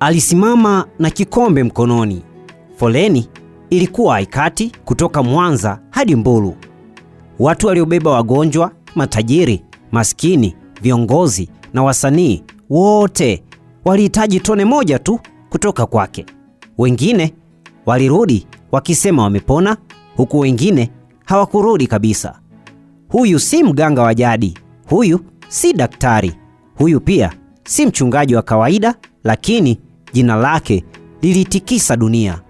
Alisimama na kikombe mkononi. Foleni ilikuwa haikati kutoka Mwanza hadi Mbulu. Watu waliobeba wagonjwa, matajiri, maskini, viongozi na wasanii, wote walihitaji tone moja tu kutoka kwake. Wengine walirudi wakisema wamepona, huku wengine hawakurudi kabisa. Huyu si mganga wa jadi, huyu si daktari, huyu pia si mchungaji wa kawaida, lakini jina lake lilitikisa dunia.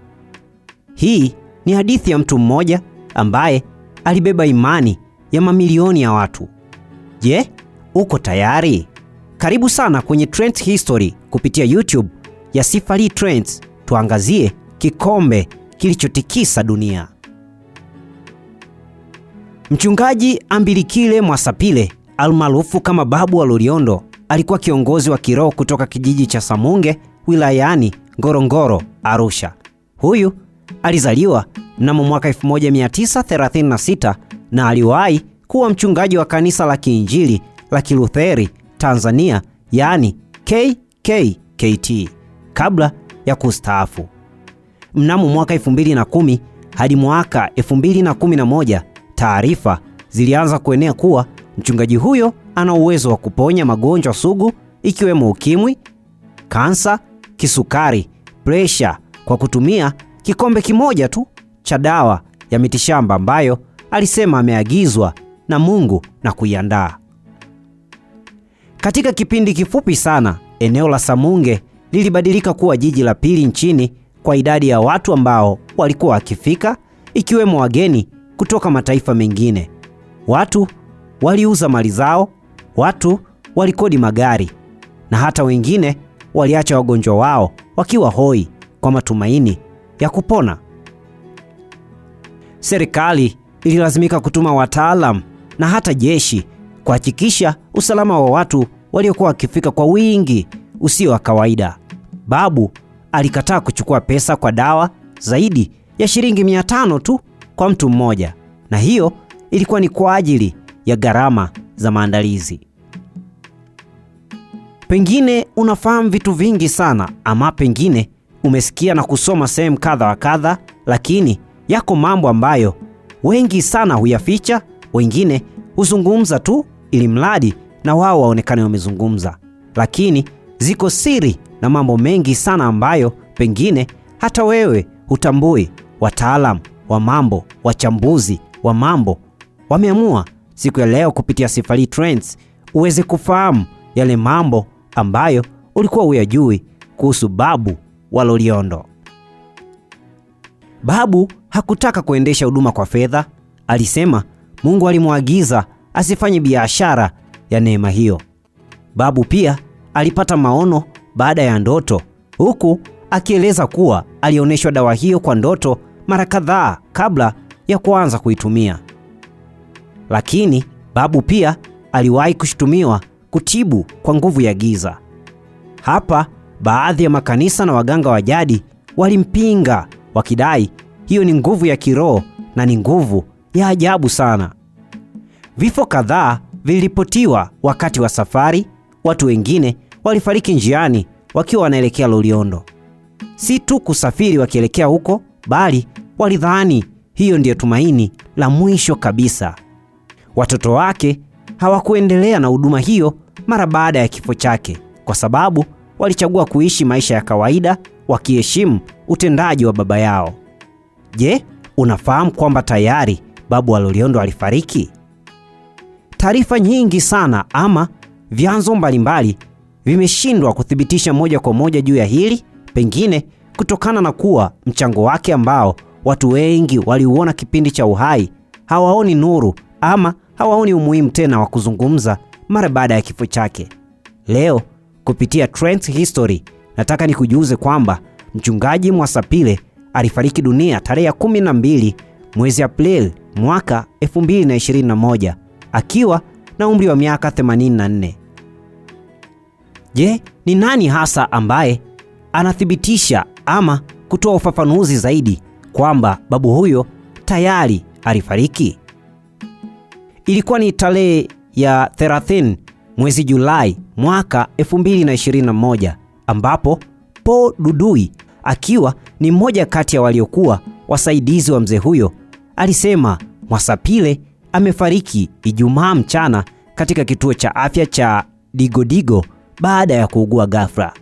Hii ni hadithi ya mtu mmoja ambaye alibeba imani ya mamilioni ya watu. Je, uko tayari? Karibu sana kwenye Trends History kupitia YouTube ya Sifali Trends, tuangazie kikombe kilichotikisa dunia. Mchungaji Ambilikile Mwasapile almaarufu kama Babu wa Loliondo alikuwa kiongozi wa kiroho kutoka kijiji cha Samunge wilayani Ngorongoro, Arusha. Huyu alizaliwa mnamo mwaka 1936 na aliwahi kuwa mchungaji wa kanisa la Kiinjili la Kilutheri Tanzania, yaani KKKT kabla ya kustaafu. Mnamo mwaka 2010 hadi mwaka 2011, taarifa zilianza kuenea kuwa mchungaji huyo ana uwezo wa kuponya magonjwa sugu ikiwemo ukimwi, kansa kisukari, presha kwa kutumia kikombe kimoja tu cha dawa ya mitishamba ambayo alisema ameagizwa na Mungu na kuiandaa. Katika kipindi kifupi sana, eneo la Samunge lilibadilika kuwa jiji la pili nchini kwa idadi ya watu ambao walikuwa wakifika, ikiwemo wageni kutoka mataifa mengine. Watu waliuza mali zao, watu walikodi magari na hata wengine waliacha wagonjwa wao wakiwa hoi kwa matumaini ya kupona. Serikali ililazimika kutuma wataalam na hata jeshi kuhakikisha usalama wa watu waliokuwa wakifika kwa wingi usio wa kawaida. Babu alikataa kuchukua pesa kwa dawa zaidi ya shilingi mia tano tu kwa mtu mmoja, na hiyo ilikuwa ni kwa ajili ya gharama za maandalizi. Pengine unafahamu vitu vingi sana, ama pengine umesikia na kusoma sehemu kadha wa kadha, lakini yako mambo ambayo wengi sana huyaficha, wengine huzungumza tu ili mradi na wao waonekane wamezungumza, lakini ziko siri na mambo mengi sana ambayo pengine hata wewe hutambui. Wataalam wa mambo, wachambuzi wa mambo wameamua siku ya leo kupitia Safari Trends uweze kufahamu yale mambo ambayo ulikuwa uyajui kuhusu Babu wa Loliondo. Babu hakutaka kuendesha huduma kwa fedha, alisema Mungu alimwagiza asifanye biashara ya neema hiyo. Babu pia alipata maono baada ya ndoto, huku akieleza kuwa alioneshwa dawa hiyo kwa ndoto mara kadhaa kabla ya kuanza kuitumia. Lakini Babu pia aliwahi kushutumiwa kutibu kwa nguvu ya giza. Hapa baadhi ya makanisa na waganga wa jadi walimpinga wakidai hiyo ni nguvu ya kiroho na ni nguvu ya ajabu sana. Vifo kadhaa viliripotiwa wakati wa safari. Watu wengine walifariki njiani wakiwa wanaelekea Loliondo. Si tu kusafiri wakielekea huko, bali walidhani hiyo ndiyo tumaini la mwisho kabisa. Watoto wake hawakuendelea na huduma hiyo mara baada ya kifo chake kwa sababu walichagua kuishi maisha ya kawaida wakiheshimu utendaji wa baba yao. Je, unafahamu kwamba tayari babu wa Loliondo alifariki? Taarifa nyingi sana ama vyanzo mbalimbali vimeshindwa kuthibitisha moja kwa moja juu ya hili, pengine kutokana na kuwa mchango wake ambao watu wengi waliuona kipindi cha uhai hawaoni nuru ama hawaoni umuhimu tena wa kuzungumza mara baada ya kifo chake. Leo kupitia Trent History nataka nikujuze kwamba mchungaji Mwasapile alifariki dunia tarehe ya 12 mwezi Aprili mwaka 2021 akiwa na umri wa miaka 84. Je, ni nani hasa ambaye anathibitisha ama kutoa ufafanuzi zaidi kwamba babu huyo tayari alifariki? Ilikuwa ni tarehe ya 30 mwezi Julai mwaka 2021 ambapo Paul Dudui akiwa ni mmoja kati ya waliokuwa wasaidizi wa mzee huyo alisema Mwasapile amefariki Ijumaa mchana katika kituo cha afya cha Digodigo Digo baada ya kuugua ghafla.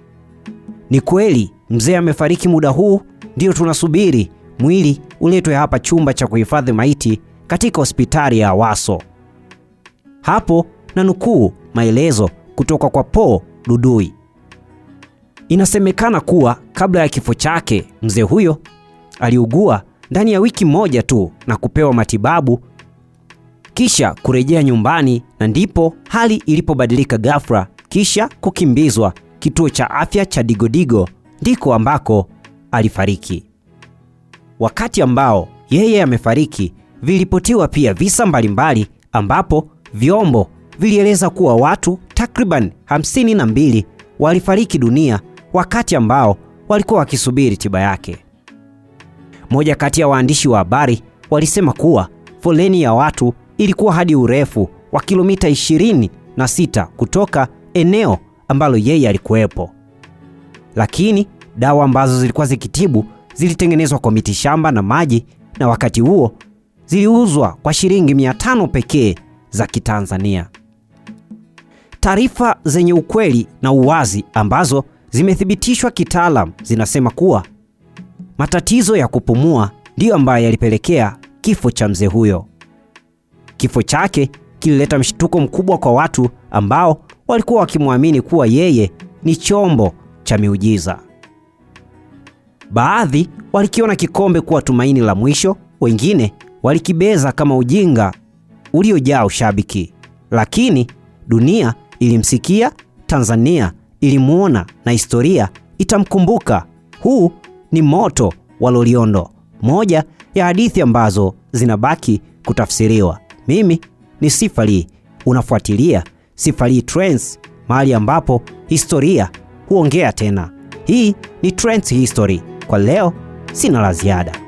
Ni kweli mzee amefariki, muda huu ndio tunasubiri mwili uletwe hapa chumba cha kuhifadhi maiti katika hospitali ya Waso. Hapo na nukuu maelezo kutoka kwa Paul Dudui. Inasemekana kuwa kabla ya kifo chake mzee huyo aliugua ndani ya wiki moja tu na kupewa matibabu kisha kurejea nyumbani, na ndipo hali ilipobadilika ghafla, kisha kukimbizwa kituo cha afya cha Digodigo, ndiko ambako alifariki. Wakati ambao yeye amefariki, vilipotiwa pia visa mbalimbali ambapo Vyombo vilieleza kuwa watu takriban hamsini na mbili walifariki dunia wakati ambao walikuwa wakisubiri tiba yake. Moja kati ya waandishi wa habari walisema kuwa foleni ya watu ilikuwa hadi urefu wa kilomita 26 kutoka eneo ambalo yeye alikuwepo. Lakini dawa ambazo zilikuwa zikitibu zilitengenezwa kwa miti shamba na maji, na wakati huo ziliuzwa kwa shilingi 500 pekee za Kitanzania, taarifa zenye ukweli na uwazi ambazo zimethibitishwa kitaalam zinasema kuwa matatizo ya kupumua ndiyo ambayo yalipelekea kifo cha mzee huyo. Kifo chake kilileta mshtuko mkubwa kwa watu ambao walikuwa wakimwamini kuwa yeye ni chombo cha miujiza. Baadhi walikiona kikombe kuwa tumaini la mwisho, wengine walikibeza kama ujinga uliojaa ushabiki, lakini dunia ilimsikia, Tanzania ilimwona na historia itamkumbuka. Huu ni moto wa Loliondo, moja ya hadithi ambazo zinabaki kutafsiriwa. Mimi ni Sifalii, unafuatilia sifali Trends, mahali ambapo historia huongea tena. Hii ni Trends History. Kwa leo sina la ziada.